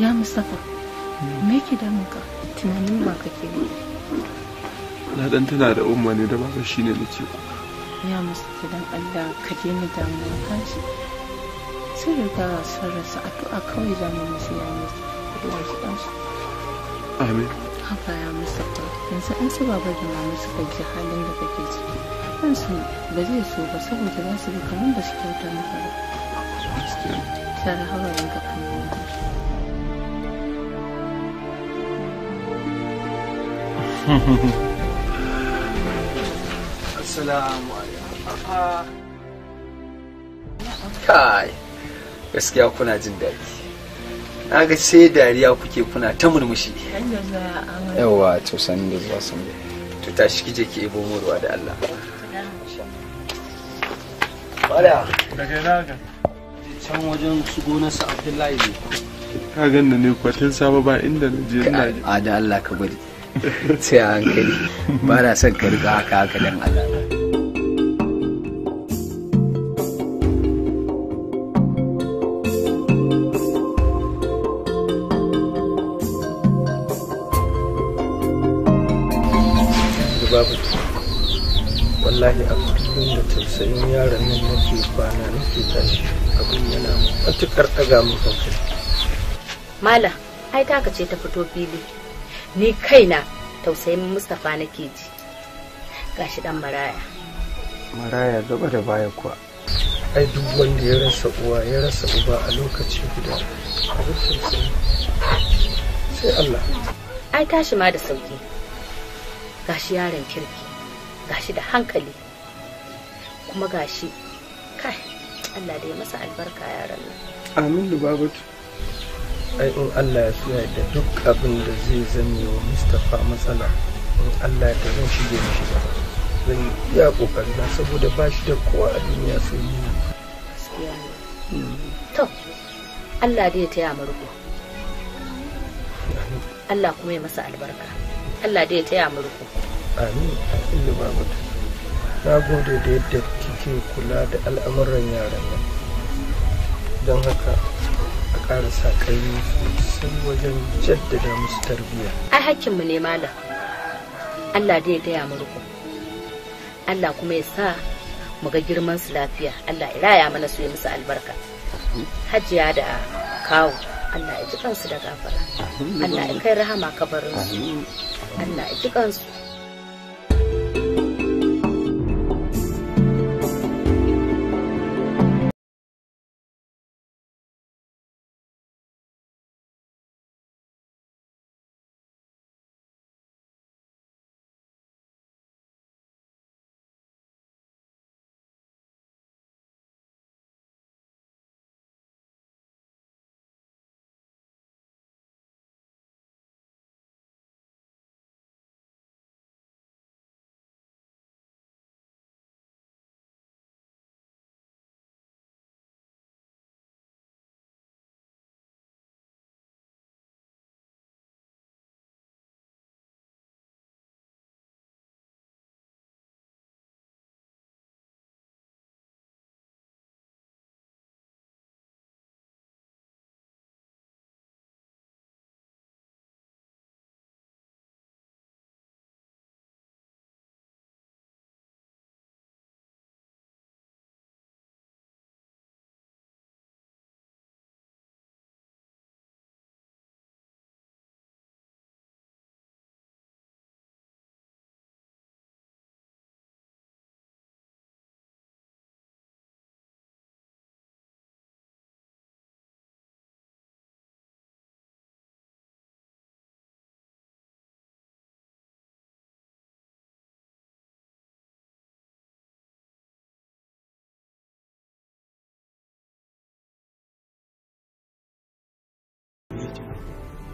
ya mustapha me yake damunka tunanin ba ka yi na dan tana da umma ne da baka shine ce ku ya mustapha dan Allah ka daina damuwa ka ji sai riga sun rasa addu'a kawai za mu musu ya musu Allah shi dan su amin haka ya mustapha yanzu an su baba da mamu suka ji halin da kake ciki kansu ba zai so ba saboda za su ga kamar ba su kyauta maka ba tsara hawayen ga kamar Assalamu Kai, gaskiya kuna jin daɗi. na ga sai dariya kuke kuna ta murmushi yawa to san da zuwa san to tashi kije ki ibo murwa da Allah can wajen shigo na su ne ka gan da ne kwatin saba ba inda na je ina a da Allah ka bari sai a hankali ba na son ka riga haka haka dan Allah wallahi a cikin da tausayin yaron nan nake kwana nake tashi abin yana matukar ɗaga min hankali mala ai taka ce ta fito fili ni kaina tausayin na nake ji gashi dan maraya maraya gaba da baya kuwa ai duk wanda ya rasa uwa ya rasa uba a lokaci guda abin tausayi sai Allah ai tashi ma da sauki gashi yaron kirki gashi da hankali kuma gashi kai Allah da ya masa albarka yaran nan amin lubabatu ai in Allah ya suya da duk abin da zai zame wa Mustapha matsala in Allah ya zan shige mishi ba zan iya kokari na saboda ba shi da kowa a duniya sai ni ne to Allah da ya taya mu Allah kuma ya masa albarka Allah da ya taya mu amin amin mutu na gode da yadda kike kula da al'amuran yaran nan don haka a ƙara sa kai sun wajen jaddada musu tarbiyya ai hakkinmu ne malam allah da ya gaya mu allah kuma ya sa mu ga girman su lafiya allah ya raya mana su yi musu albarka hajiya da kawo allah ya ji kansu da gafara allah ya kai rahama su. allah ya ji kansu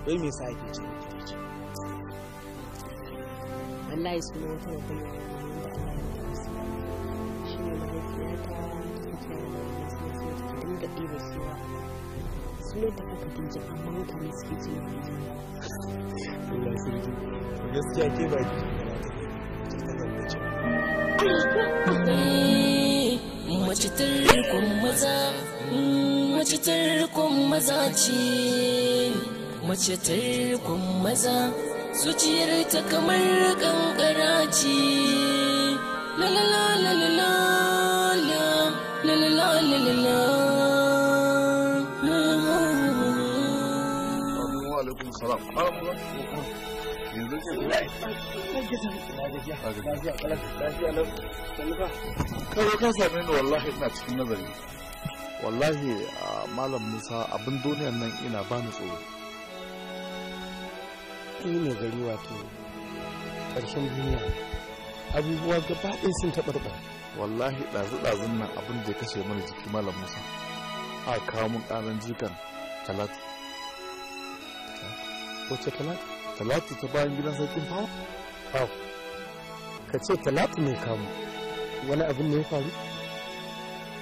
wai me yasa ake ce wallahi suna wata ne da su shi ne ta da ɗiba suwa ta aka amma mutane suke ji gaskiya ke ba ki mace tarkon maza mm, mace tarkon maza ce mace rikon maza zuciyar ta kamar kankara ce la la la la ina malam musa abin duniyar nan ina bani tsoro tsine gari wato ƙarshen duniya abubuwa gaba ɗaya sun taɓarɓa wallahi ɗazu-ɗazun nan abin da ya kashe mana jiki malam musa a kawo mun ƙaran jikan talatu wace talatu talatu ta bayan gidan sarkin fawa fawa ka ce talatu ne kamu wani abin ne ya faru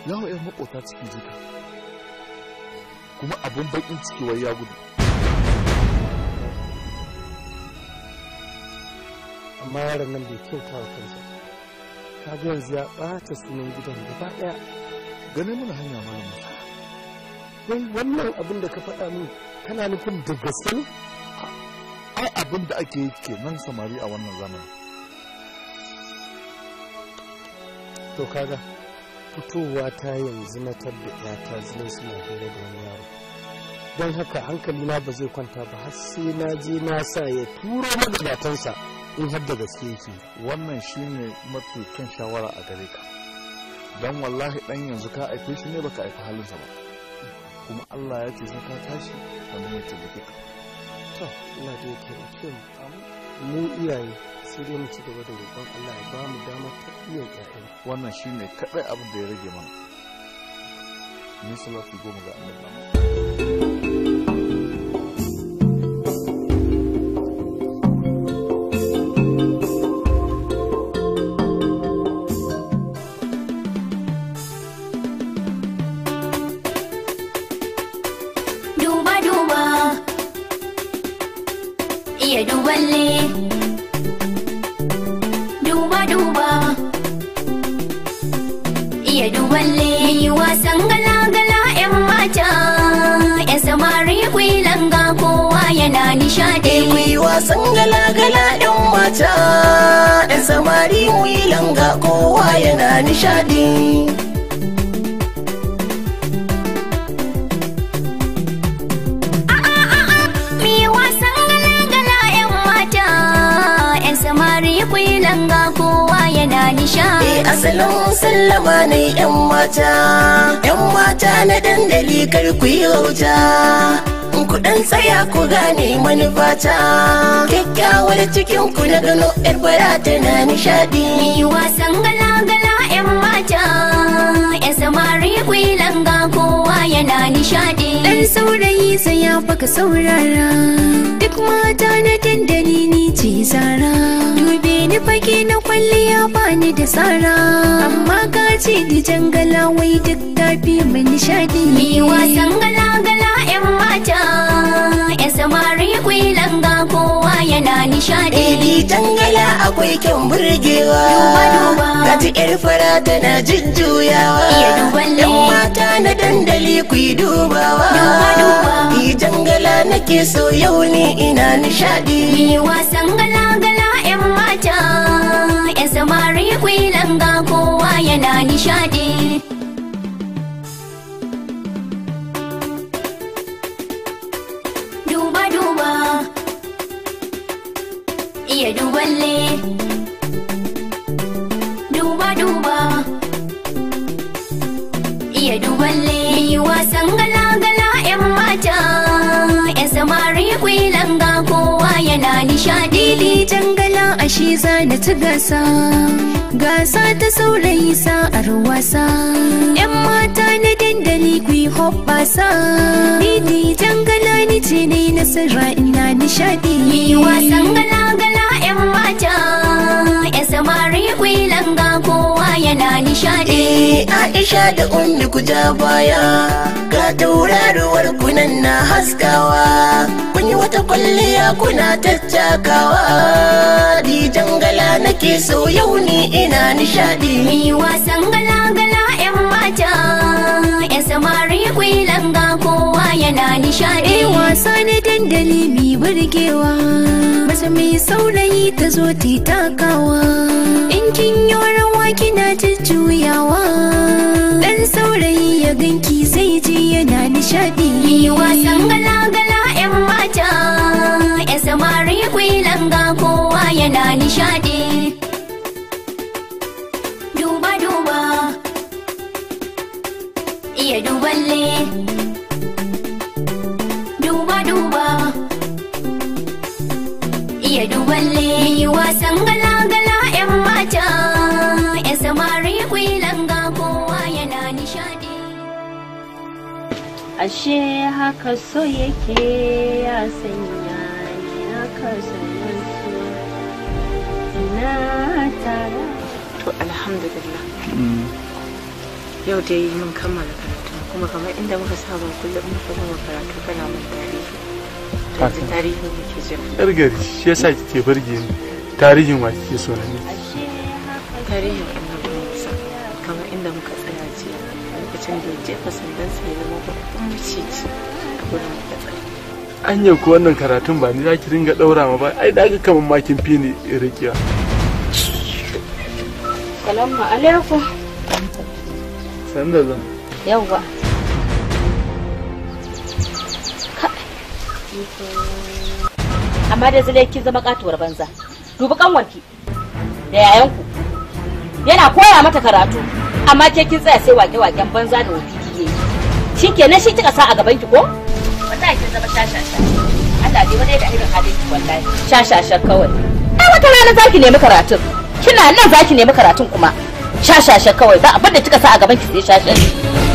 yawo yan maƙota cikin jika kuma abin baƙin ciki wai ya gudu amma yaron nan bai kyauta wa kansa ga yanzu ya ɓata sunan gidan gaba ɗaya ganin mana hanya mana mata wai wannan abin da ka faɗa min kana nufin da gaske ne ai abin da ake yi ke nan samari a wannan zamani. to kaga fitowa ta yanzu na tabbi ya ta su suna hira da wani yaro don haka hankali na ba zai kwanta ba har sai na je na sa ya turo mana matansa in har da gaske yake wannan shine mafi kan shawara a gare ka don wallahi dan yanzu ka aife shi ne baka aifi halinsa ba kuma Allah ya ce zaka ka tashi kamar ya taimake ka to ina da yake mutum mu iyaye sai dai mu ci gaba da roƙon Allah ya ba mu dama ta iya ƴaƴan wannan shine kadai abin da ya rage mana ni salatu goma ga annabi kar ku yi wauta ku tsaya ku gane manufata kyakkyawar cikin ku na gano yar bara na nishadi ni wasan gala-gala yan mata ya samari ku langa kowa yana nishadi Shi saurayi sai ya baka saurara Duk mata na dandali ni ce zara Dube ni fage na kwalliya bani da tsara Amma ka ce da jangala wai duk tafi mai nishadi Mai wasan gala-gala 'yan mata ya samari kwilanga kowa yana nishadi Ebi eh, tangala akwai kyan burgewa Duba-duba. Kati ƴar fara tana jujjuyawa Yan mata na dandali ku dubawa Yi jangala nake so yau ne ina nishaɗi. Yi wasan gala-gala yan mata Ya samari kwilanga kowa yana nishaɗi. iya duballe duba duba iya duballe yi wasan gala gala yan mata ya samari langa kowa yana nishadi litan gala ashe zana ta gasa gasa ta saurayi sa'ar wasa yan mata na dandali kwi hoɓɓasa ni Didi tangala ni ce ne nasara ina nishadi yi wasan gala mata ya samari kwilanga kowa yana nishadi eh, aisha da unni ku ja baya ga tauraruwar kunan na haskawa kun yi wata kwalliya kuna tattakawa dijan gala nake so yau ni ina nishadi Ni wasan galagala yan mata ya samari kwilanga kowa yana nishadi wasa ne dandali mi burgewa mai saurayi ta zo ta takawa in kin yi rawa kina jujjuyawa dan saurayi ya ganki zai je yana nishadi yi wasan gala 'yan mata ya samari langa kowa yana nishadi duba-duba iya duballe she haka so yake ya sanya ni haka sanansu na tara to alhamdulillah mm. yau dai mun kammala karatu kuma kamar inda muka saba kullum muka gama karatu kana mun tarihi tafi tarihi muke jira ɗargari shi yasa kike burge ni tarihin wa kike so na ne tarihin lokacin da ya jefa zama babban maciji a gurin anya ko wannan karatun ba ni za ki ringa ɗaura ma ba ai da kaman makin fi ne rikiya salamu alaikum san da zan yawwa amma da zai kin zama katuwar banza dubi kanwarki da yayanku yana koya mata karatu amma ke kin tsaya sai wake waken banza da wofi kike yi shi kenan shi kika sa a gaban ki ko wallahi kin zama shashasha Allah dai wani da irin halin ki wallahi shashasha kawai ai wata rana zaki nemi karatun kina nan zaki nemi karatun kuma shashasha kawai ba abin da kika sa a gaban ki sai shashasha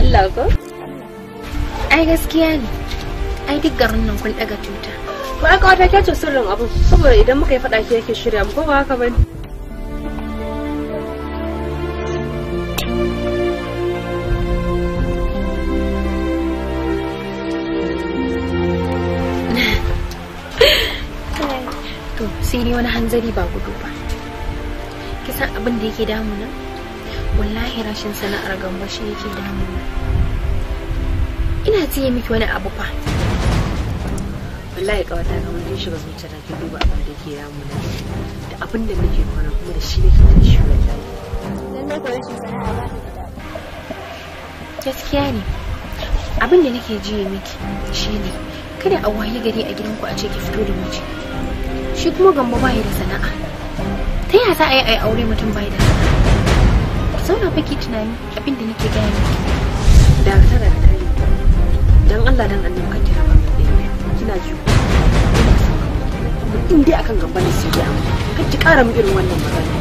Allah ko? Ai gaskiya ne. Ai duk garin nan kun daga tuta. Ba aka wata kyace sirrin abu saboda idan muka yi faɗa ki yake shirya mu ko ba haka bane. sai ni wani hanzari ba gudu ba. Kisan abin da yake damu na wallahi rashin sana'ar gamba shi yake damuna ina tsaye miki wani abu fa wallahi kawata ga mun shiga tada ki duba abin da ke damuna da abin da nake kwana kuma da shi nake da shi wallahi lallai ko sana'a ba gaskiya ne abin da nake jiye miki shine kada a waye gari a gidanku a ce ki fito da miji shi kuma gamba ba da sana'a ta yaya za a yi a yi aure mutum bai da sana'a zauna fa ki tunani abin da nake gaya miki da ka tara da dan Allah dan annabi ka kira ba kina ji in dai akan gaban da sai ka ki kara irin wannan magana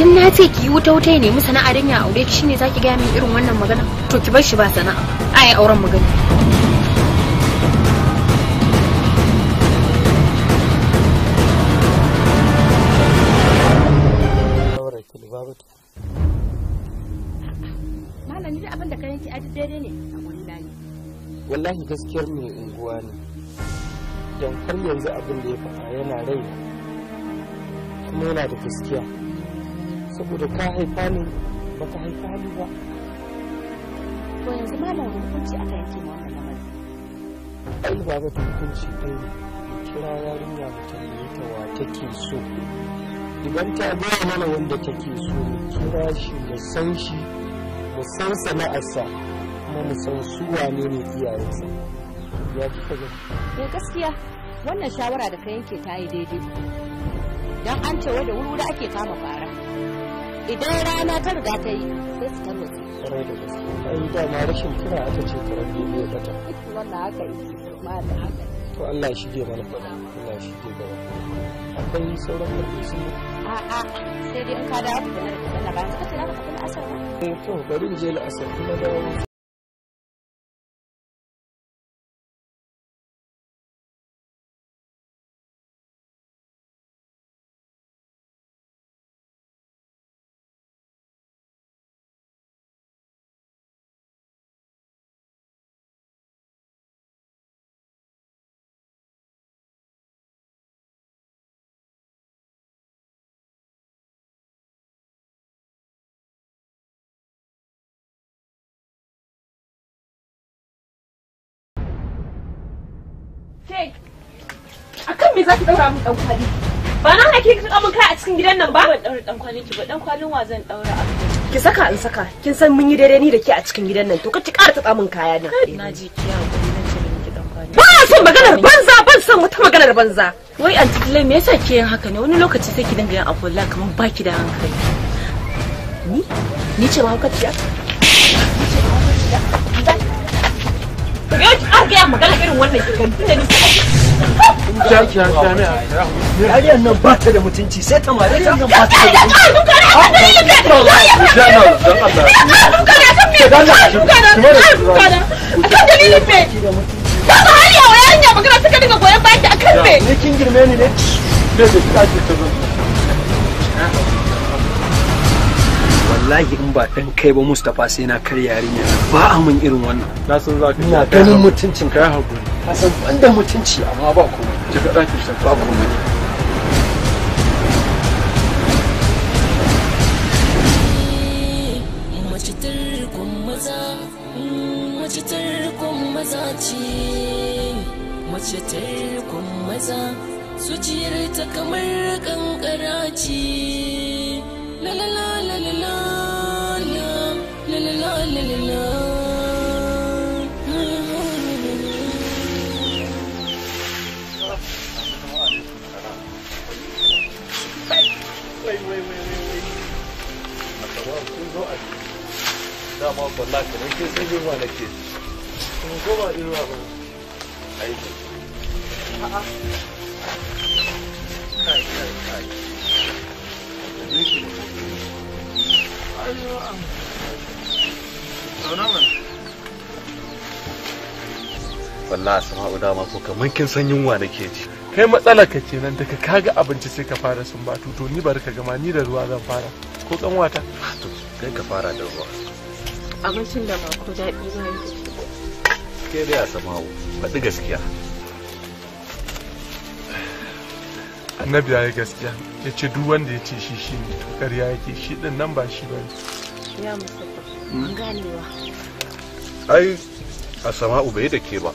dan na ce ki wuta wuta ne mu sana'a dan ya aure ki shine zaki ga min irin wannan magana to ki bar shi ba sana'a ai auren magana kulbabatu malami da abin da ka yanki aji daidai ne a wani layi wallahi gaskiyar mai unguwa ne don har yanzu abin da ya faɗa yana rai kuma yana da gaskiya saboda ka haifa ni, ba ka haifa ni ba to yanzu malam hukunci aka yanke ma wannan lamari ai ba ta hukunci ɗaya ne kira yarinya mutum da ta wa take so idan ta gaya mana wanda take so mu kira shi mu san shi mu san sana'arsa kuma mu san su wane ne iyayensa ya ji ka gani eh, gaskiya wannan shawara da ka yanke ta yi daidai don an ce da wuri ake kama fara idan rana ta riga ta yi sai su ta mutu kwarai da gaske ai dama rashin kira aka ce ne ne da ta wannan haka yi ma da haka to Allah shi shige mana Allah ya shige gaba akwai sauran farfesu a'a sai dai in ka dawo da na da na bayan ka tana asar ba eh, to bari mu je la'asar kuma dawo Ke, a kan me za ki ɗaura min ɗankwali? Ba na hana ki a cikin gidan nan ba? ki wa zan ɗaura Ki saka in saka, kin san mun yi daidai ni da ke a cikin gidan nan, to ka ki ƙara taɓa min kaya na. ji son maganar banza, ban son wata maganar banza. Wai anti Dilai me yasa ke yin haka ne? Wani lokaci sai ki dinga yin abulla kamar baki da hankali. Ni? ce ma hukaciya? Ni ce Daga yau ki wannan ki kan a yariyar sai ta mare ta nan ba ta Ya ƙara duka ne a kan dalilin a kan girme ni ne? Ne wallahi in ba dan kai ba Mustapha sai na kar yarinya ba a mun irin wannan na san za ka ina ganin mutuncin kai hakuri ka san banda mutunci amma ba ku ji ka daki san ba komai Mace tarkon maza, zuciyar ta kamar kankara ce. لا لا لا لا لا لا لا لا لا لا لا وي وي وي وي الطوال كله أكل لا ما طلعت من كيس يجي وانا كيس من كل إلوانه أيضا wallah asma'u dama ko kamar kin san yunwa nake ji kai matsala ka kenan daga kaga abinci sai ka fara sun batu to ni bari ka gama ni da ruwa zan fara ko kan wata to kai ka fara da ruwa abincin da ba ko daɗi ba ke dai asma'u faɗi gaskiya annabi ya yi gaskiya ya ce duk wanda ya ce shi shi ne to ya yake shi din nan ba shi ba ne ya hmm. ganewa ai a sama bai da ke ba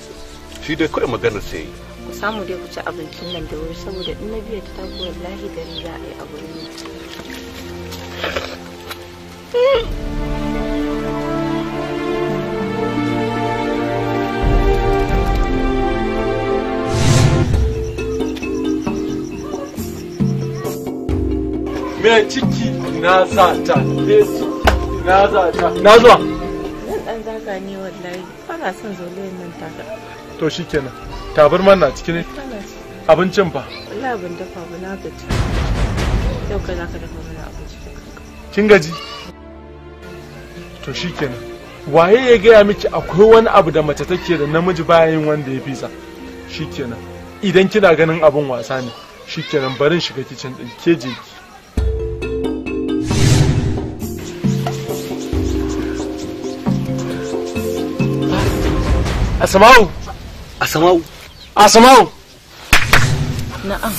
shi dai kawai maganar sai yi ku samu dai ku ci abincin nan da wuri saboda in biya ta taku wallahi gari za a yi a wurin me ciki na zata yesu na zata na zuwa dan zaga ne wallahi kana son zolayen nan taka to shikenan tabarman na ciki ne abincin fa wallahi ban dafa ba na gaji yau kai zaka dafa mana abinci kin gaji to shikenan waye ya gaya miki akwai wani abu da mace take da namiji bayan wanda ya fisa shikenan idan kina ganin abin wasa ne shikenan barin shiga kicin din keje. ki Asamau. Asamau. Asamau. Na'am.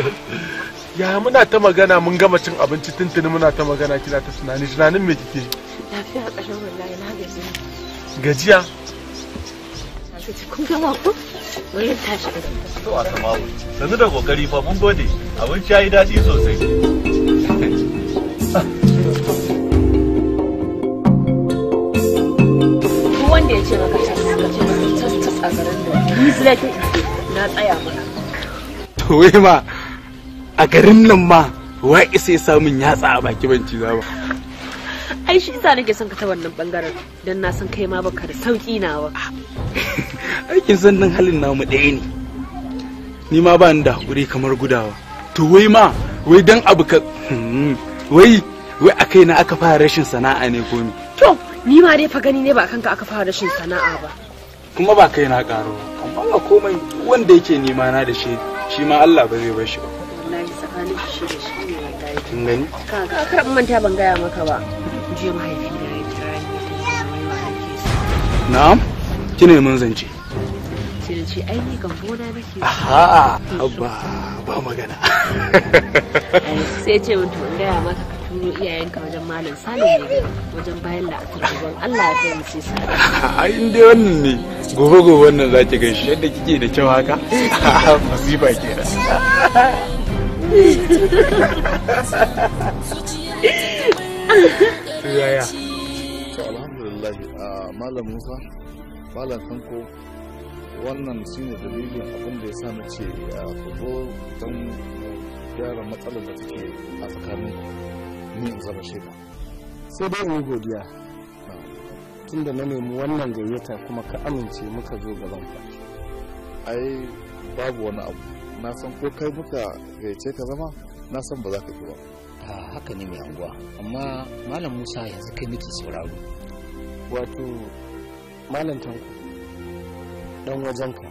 ya muna ta magana mun gama cin abinci tuntuni muna ta magana kina ta tunani tunanin me kike lafiya ƙarshen wallahi na gaji gajiya kun gama tashi to a kokari fa daɗi sosai a garin nan ni silake na tsaya mana to wai ma a garin nan ma wa isa samun yatsa a baki banci za ba ai shi isa nake son ka ta wannan bangaren dan na san kai ma baka da sauki na ba. aikin san nan halin namu ɗaya ne ni ma ba ni da hakuri kamar gudawa to wai ma wai dan abu ka hmm, wai wai a na aka fara rashin sana'a ne ko ni to ni ma dai fa gani ne ba kanka aka fara rashin sana'a ba kuma ba kai na karo amma ba komai wanda yake nema na da shi shi ma Allah ba zai bar shi ba wallahi tsakanin shi da shi ne wallahi kin gani ka ka manta ban gaya maka ba je mahaifi na ya kira ni na'am mun zance sai ce ai ni kan gona nake aha abba ba magana sai ce mun to gaya maka turo iyayenka wajen malin sani ne wajen bayan da aka gaban Allah ya kai mace sa ai inda wannan ne gobe gobe wannan zaki ga shi yadda kike da kyau haka masifa kenan yaya to alhamdulillah ah, malam Musa malam Sanko wannan ne dalilin abin da ya sa na ce ah, ku zo don gyara matsalar da take a tsakanin ni in shi ba. sai dai in yi godiya tunda na nemi wannan gayyata kuma ka amince muka zo gaban ka ai babu wani abu na san ko kai muka gayyace ka zama na san ba za ka ki ba ah, haka ne mai anguwa amma malam musa yanzu kai miki sauraro wato malam tanko dan wajenka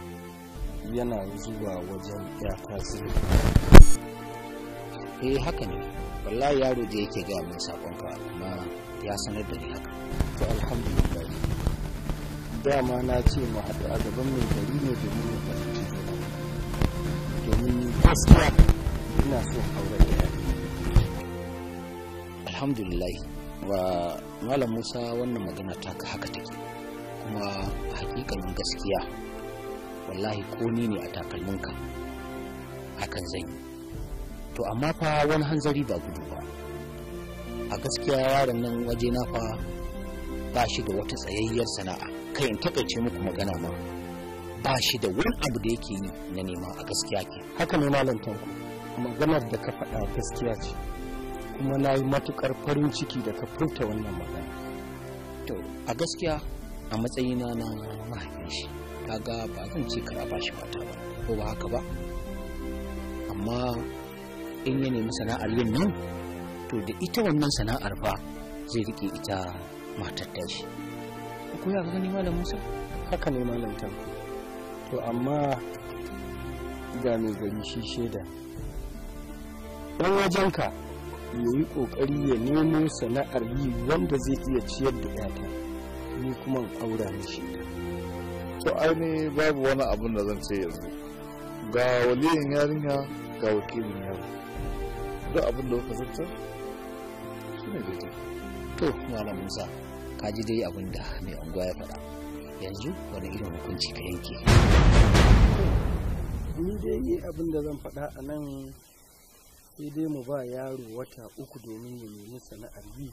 yana zuwa wajen ya tasiri eh haka ne wallahi yaro da yake gaya min sakonka kuma ya sanar da ni haka to alhamdulillah ma na ce mu haɗu a gaban mai gari ne domin mu fahimci juna domin gaskiya ina son aure da yaro alhamdulillah wa malam musa wannan magana ta ka haka take kuma hakikanin gaskiya wallahi ko ni ne a takalmin ka hakan zan to amma fa wani hanzari ba gudu ba a gaskiya yaron nan waje na fa ba shi da wata tsayayyar sana'a kai in takaice muku magana ma ba shi da wani abu da yake yi na nema a gaskiya ke haka ne malam ku maganar da ka faɗa gaskiya ce kuma na yi matukar farin ciki da ka furta wannan magana to a gaskiya a matsayina na mahaifin shi ga ba zan ce kara ba shi mata ba ko ba haka ba amma in ya nemi sana'ar yin nan to da ita wannan sana'ar fa zai rike ita matar shi ko ya gani malam musa haka ne malam ta to amma ga mai gari shi shaida dan wajenka ya yi kokari ya nemo sana'ar yi wanda zai iya ciyar da yata ni kuma aura mishi to ai ne babu wani abun da zan ce yanzu ga waliyin yarinya ga wakilin yarinya duk abin da kuka zartar shi ne zai to malam musa ka ji dai abin da mai unguwa ya faɗa yanzu wani irin hukunci ka yanke ni dai abin da zan faɗa a nan sai dai mu ba yaro wata uku domin ya nemi sana'ar yi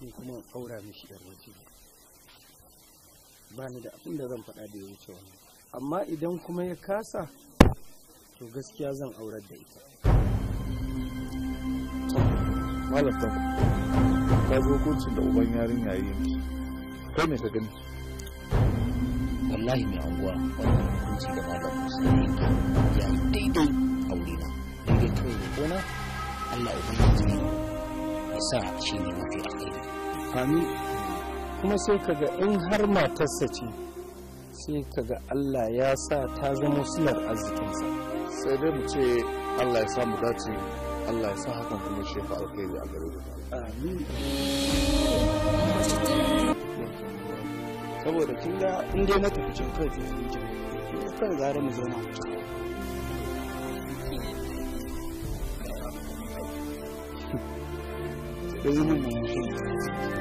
ni kuma in aura mishi yar waje ba ni da abin da zan faɗa da ya wuce wani amma idan kuma ya kasa to gaskiya zan aurar da ita malam tan ka zo hukuncin da uban yarinya yayi yanki kai ne ka gani wallahi mai anguwa wannan hukunci da malam musa yanki ya yi daidai a wurina daidai kawai da gona allah ubangiji ya sa shi ne mafi alheri amin kuma sai kaga in har matarsa ce sai kaga Allah ya sa ta zama silar arzikinsa sai dai mu ce Allah ya samu dace Allah ya sa hakan kuma shi fa alkhairi a gare ku amin saboda kin ga in dai na tafi can kai zai yi jini kan gara mu zauna mu ci da zama mu mutum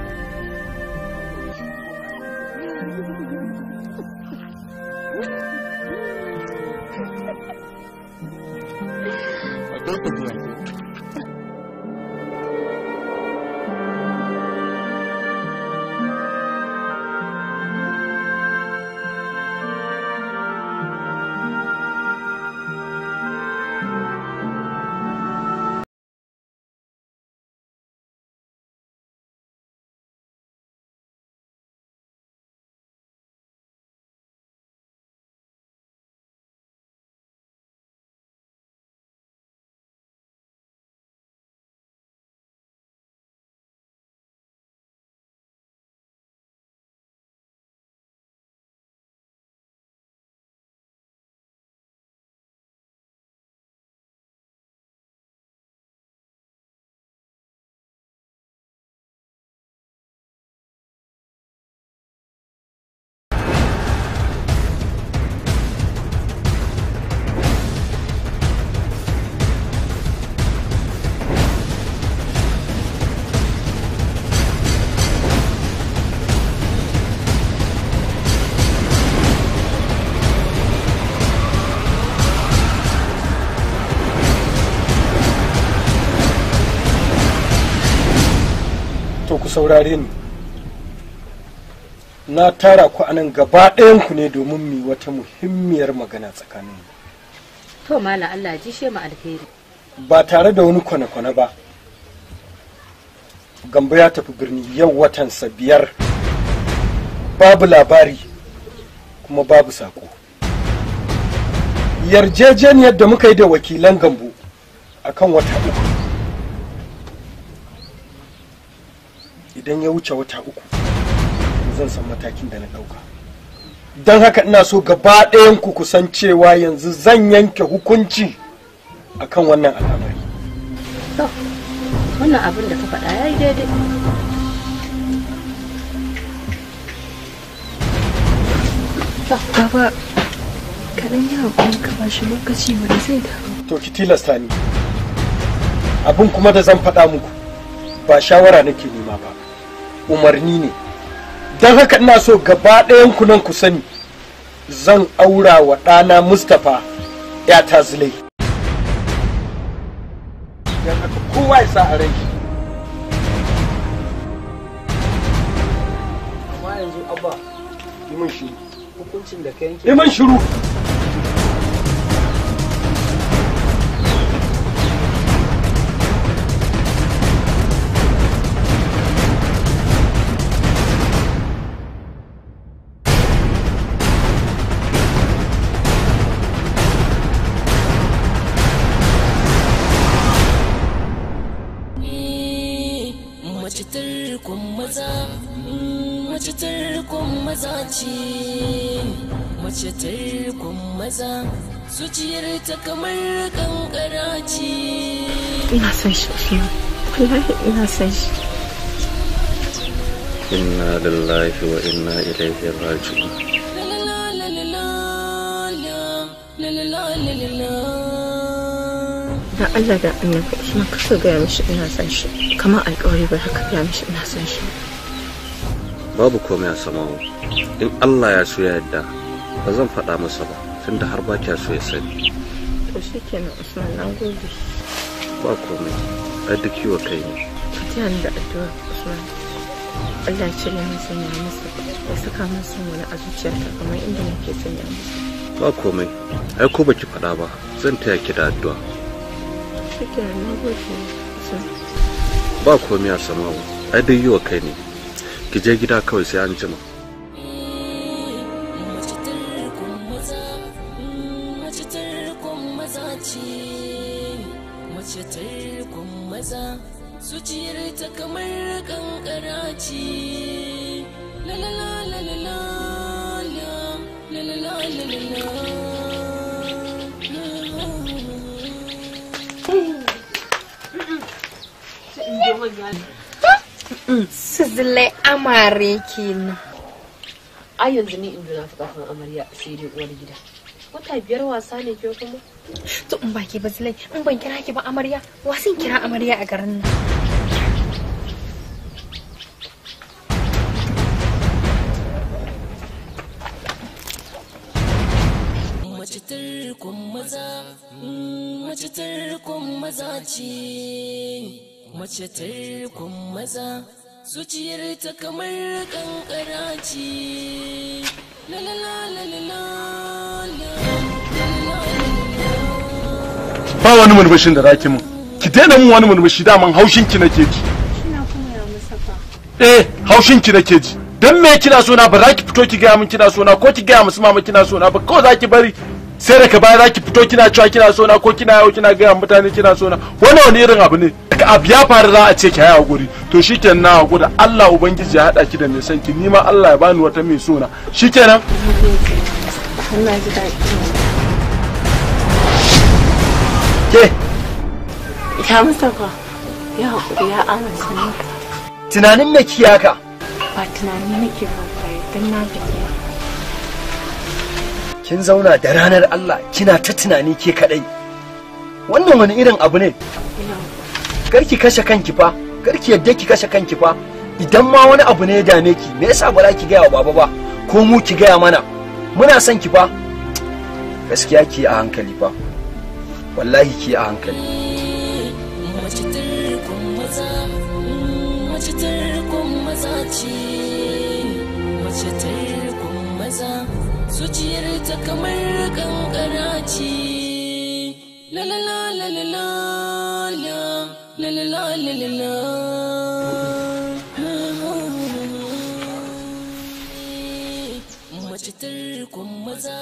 saurare ni na tara ku anan gaba ku ne domin mu wata muhimmiyar magana tsakanin mu to mala Allah ji she mu alheri ba tare da wani kwane-kwane ba gambo ya tafi birni yau watansa biyar babu labari kuma babu sako yarjejeniyar da muka yi da wakilan gambo akan wata uku idan ya wuce wata uku zan san matakin da na ɗauka don haka ina so gaba ɗayan ku kusan cewa yanzu zan yanke hukunci akan wannan al'amari wannan abin da ka faɗa ya yi daidai Baba, kaɗan yi haƙuri ka ba shi lokaci wani zai dawo. To ki tilasta ni. Abin kuma da zan faɗa muku ba shawara nake nema ba. umarni ne don haka ina so gaba ɗayan ku nan ku sani zan aura wa ɗana mustapha ya ta zulai don haka kowa ya sa a ranki amma yanzu abba imin min shiru hukuncin da ka yanke imin min shiru mace ta rikon maza su zuciyar ta kamar kankara ce ina son shi fiye wallahi ina son shi inna lillahi wa inna ilaihi raji'un da Allah da annabi kuma kasa ga mishi ina san shi kamar alƙawari ba haka ga mishi ina san shi babu komai a samawa in allah ya so ya yadda ba zan faɗa masa ba da har ba kya so ya sani to shi kenan usman na gobe. ba komai a duk yi wa kai ne ki da addu'a usman allah ya cire masa sanya masa ya saka min son wani a zuciyarta kamar inda nake sanya masa ba komai ai ko baki faɗa ba zan taya ki da addu'a shi kenan na gode ba komai a samawa ai duk yi wa kai ne ki je gida kawai sai an jima mahaifina a yanzu ni in na fuka kan amarya sai dai uwar gida wata biyar wasa ne ke kuma to in baki ba zilai in ban kira ki ba amarya wasan kira amarya a garin nan mace tarkon maza mace tarkon maza ce mace tarkon maza zuciyar ta kamar kankara ce ba wani murmushin da zaki mun ki daina mun wani murmushi daman haushin ki nake ji eh haushin ki nake ji dan me kina so na ba za ki fito ki ga mun kina so na ko ki ga musu mama kina so na ba ko za ki bari sai daga baya za ki fito kina cewa kina sona ko kina yawo kina gaya mutane kina sona wani wani irin abu ne daga abu ya faru za a ce ki haya guri to shikenan na hakura Allah ubangiji ya hada ki da mai sanki ni ma Allah ya bani wata mai sona shikenan ke ya musa ya hakuri ya amince tunanin me kiyaka ba tunani nake ba dan na gaji kin zauna da ranar Allah kina ta tunani ke kadai wannan wani irin abu ne garki kashe kanki fa garki yadda ki kashe kanki fa idan ma wani abu ne ya dame ki me yasa ba za ki gaya wa baba ba ko mu ki gaya mana muna son ki fa gaskiya ki a hankali fa wallahi ki a hankali Thank you. zuciyar kamar kankara ce la la la la la la la la la la la la maza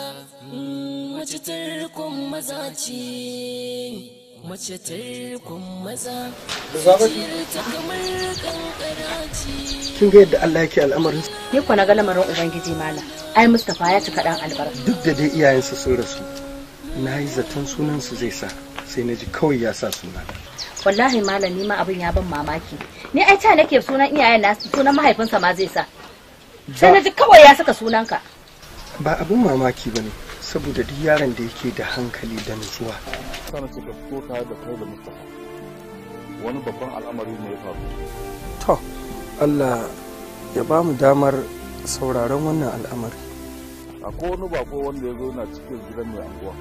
mm, mace tarkon maza ce mace tarkon maza ta kamar kin ga yadda Allah yake al'amarin ni ko na ga lamarin ubangiji mala ai Mustapha ya cika dan albarka duk da dai iyayensa sun rasu na yi zaton sunan su zai sa sai na ji kawai ya sa suna wallahi malam ni ma abin ya ban mamaki ni ai ta nake sunan iyayen na sunan mahaifinsa ma zai sa sai na ji kawai ya saka sunanka ba abin mamaki bane saboda duk yaron da yake da hankali da nutsuwa sana suka fito tare da kai da Mustapha. wani babban al'amari ne ya faru to allah ya ba mu damar sauraron wannan al'amari akwai wani bako wanda ya zo na cikin gidan mai anguwa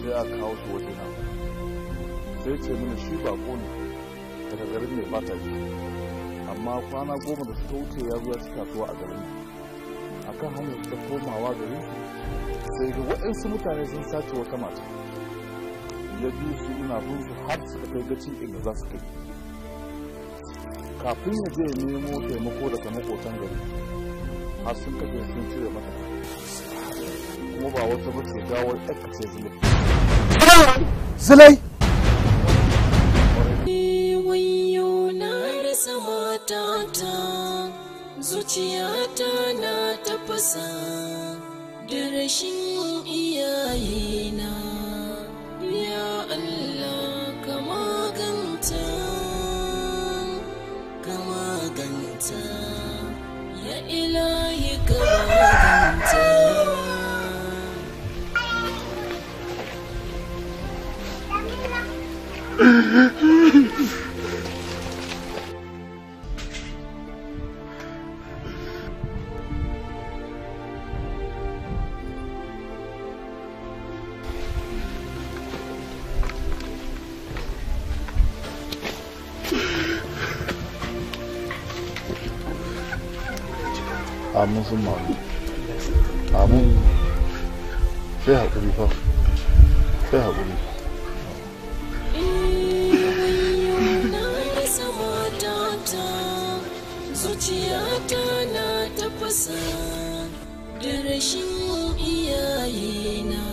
sai a kawo shi waje na sai ce mini shi bako ne daga garin mai fata amma kwana goma da suka wuce ya zo ya ci kasuwa a garin akan hanyar ta komawa garin shi sai ga waɗansu mutane sun sace wata mata ya bi su ina bin su har suka kai gacin inda za su kai kafin ya je nemo taimako daga makotan gari har sun kafe sun cire mata kuma ba wata ba ce gawar ɗaka ce zilai zuciyata na tafasa 心。al'umma wani amin sai haƙuri fa sai haƙuri zuciyata na tafasa da rashin na,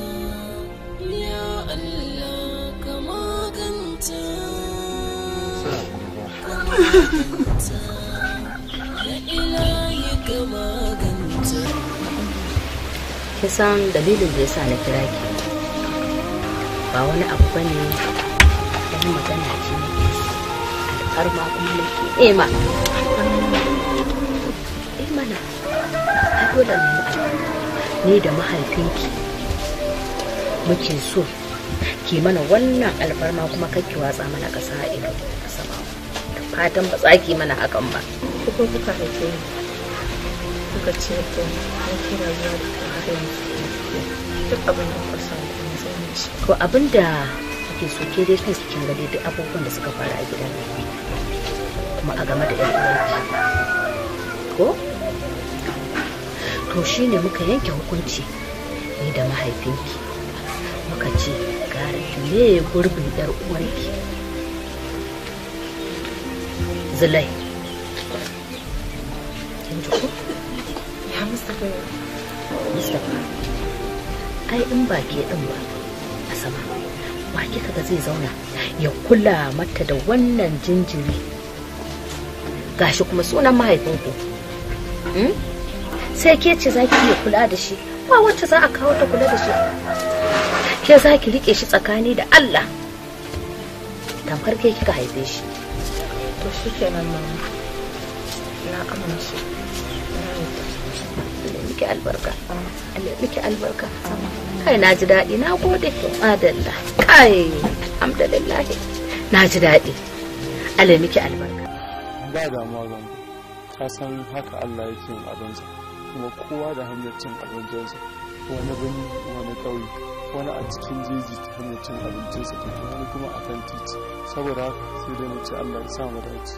ya Allah ka kin san dalilin da yasa na kira ki ba wani abu bane wani magana ce har ma kuma nake eh ma eh mana ai dole ne ni da mahaifinki muke so ki mana wannan alfarma kuma kake watsa mana ƙasa a ido a sama fatan ba tsaki mana hakan ba kuka kuka haife ni kuka ce ko kira zuwa da ko abinda ake da so ke dai kanki kin ga duk abubuwan da suka fara a gidan kuma a game da ƴan uwanki ko to shine muka yanke hukunci ni da mahaifinki muka ce gara ki me gurbin ƴar uwanki zulai kin ji ko ya mustapha ai in ba ke ɗin ba a sama ba ki kaga zai zauna ya kula mata da wannan jinjiri gashi kuma sunan mahaifinku hmm? sai ke ce za ki iya kula da shi ba wacce za a kawo ta kula da shi ke za ki rike shi tsakani da allah tamkar ke kika haife shi to shi kenan mama na amince miki albarka Allah miki albarka kai na ji daɗi na gode madalla kai alhamdulillah na ji daɗi Allah miki albarka ba damuwa zan ka san haka Allah yake yin abinsa kuma kowa da hanyar cin abincinsa wani birni wani ƙauye wani a cikin jeji ta hanyar cin abincinsa take wani kuma a kan titi saboda haka sai dai mu ci Allah ya sa mu dace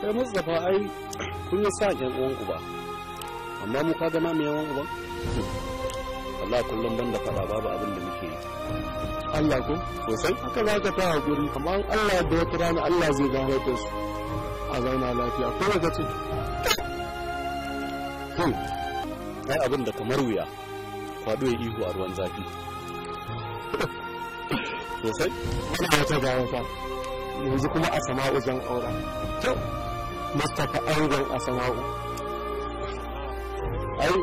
kai eh, mustapha ai kun yi sa yan uwan uba amma mu kaga na mu yawan uban Allah kullum banda faɗa babu abin da muke yi Allah ko sosai haka za ka ta hakuri amma Allah da wata rana Allah zai gano da su a zauna lafiya ko ka ce kai hmm. abin da kamar wuya kwado ya ihu a ruwan zafi sosai ana wata ga wata yanzu kuma a sama'u zan aura mustapha angon asama'u ai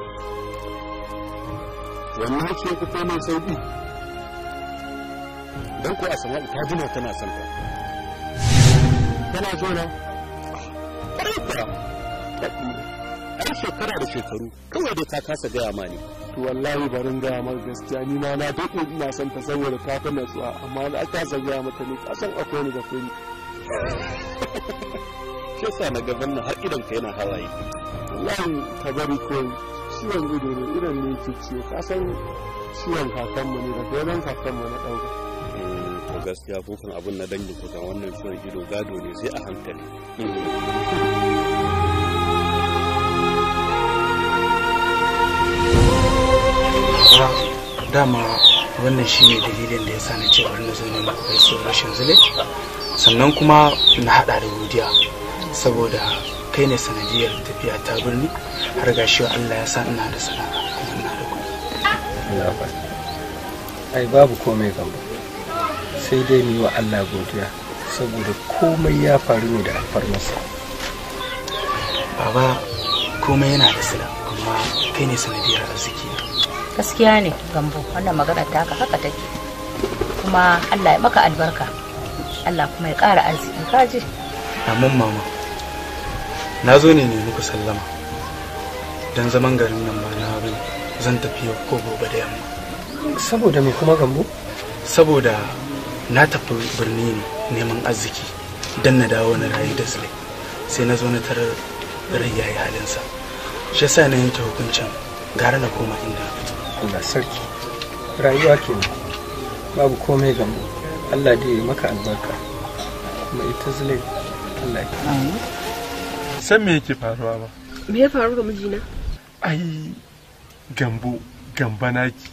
wannan ce ku fito mai sauki don ku asama'u ta jina tana son ka tana zo na ƙarfa ai shekara da shekaru kawai dai ta kasa gaya ma ne to wallahi barin gaya maka gaskiya ni ma na doko ina son ta saboda ta fi natsuwa amma na kasa gaya mata ne kasan akwai ni da kuni sai sa na gaban na har idan ka yana hawaye wallahi tabariko ciwon ido ne idan ne ke ciwo ka san ciwon kakanmu ne daga kakan kakanmu na ɗauka eh, to gaskiya kukan abin na dangi ko kan wannan ciwon ido gado ne sai a hankali dama wannan shi ne dalilin da ya sa na ce wannan zo na kwaiso rashin zile sannan kuma na hada da godiya saboda kai ne sanadiyar tafiya ta birni har gashi Allah ya sa ina da sana'a kuma ina da kuma. Ai babu komai gambo sai dai ni wa Allah godiya saboda komai ya faru ne da alfarmasa. Baba komai yana da sila kuma kai ne sanadiyar arziki. Gaskiya ne gambo wannan magana ta haka haka take kuma Allah ya maka albarka Allah kuma ya ƙara arziki kaji. Amin mama. na zo ne ne muku sallama don zaman garin nan ba na bane zan tafi yau ko gobe da yamma saboda me kuma gambo saboda na tafi birni ne neman arziki don na dawo na rayu da sule sai na zo na tarar rai yi halinsa shi yasa na yanke hukuncin gara na koma inda Allah sarki rayuwa ke babu komai gambo Allah dai maka albarka kuma ita zile. Allah ya san me yake faruwa ba me ya faru ga mijina ai gambo gamba naki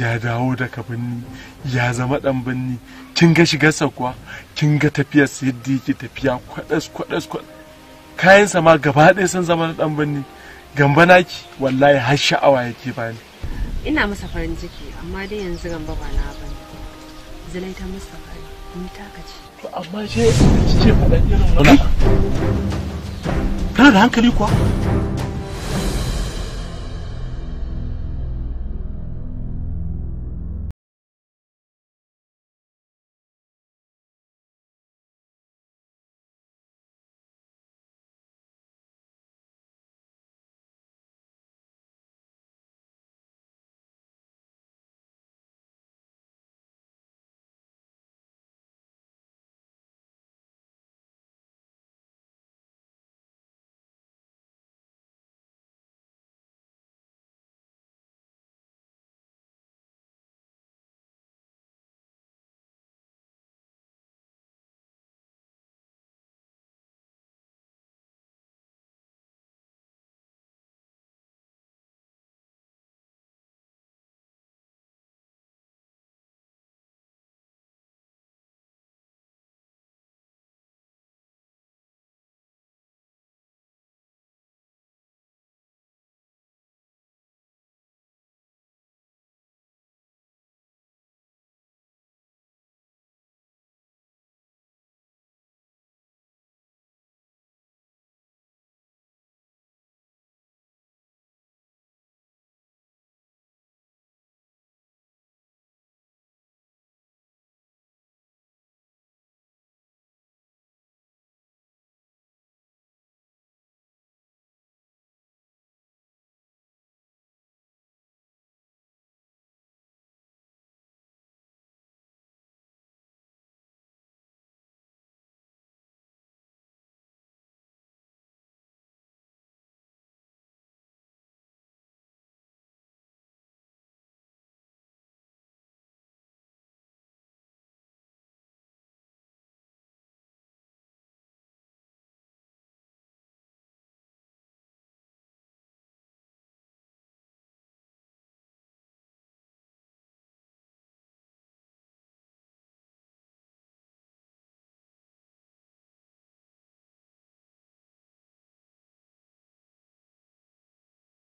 ya dawo daga birni ya zama dan banni kin ga shigarsa kuwa kin ga tafiyar sa yadda yake tafiya kwadas kwadas kayan sa ma gaba ɗaya sun zama dan banni gamba naki wallahi har sha'awa yake bani ina masa farin ciki amma dai yanzu gamba ba na ba zalai ta masa farin ni ta kace to amma ce ce faɗa irin wannan kana da hankali kuwa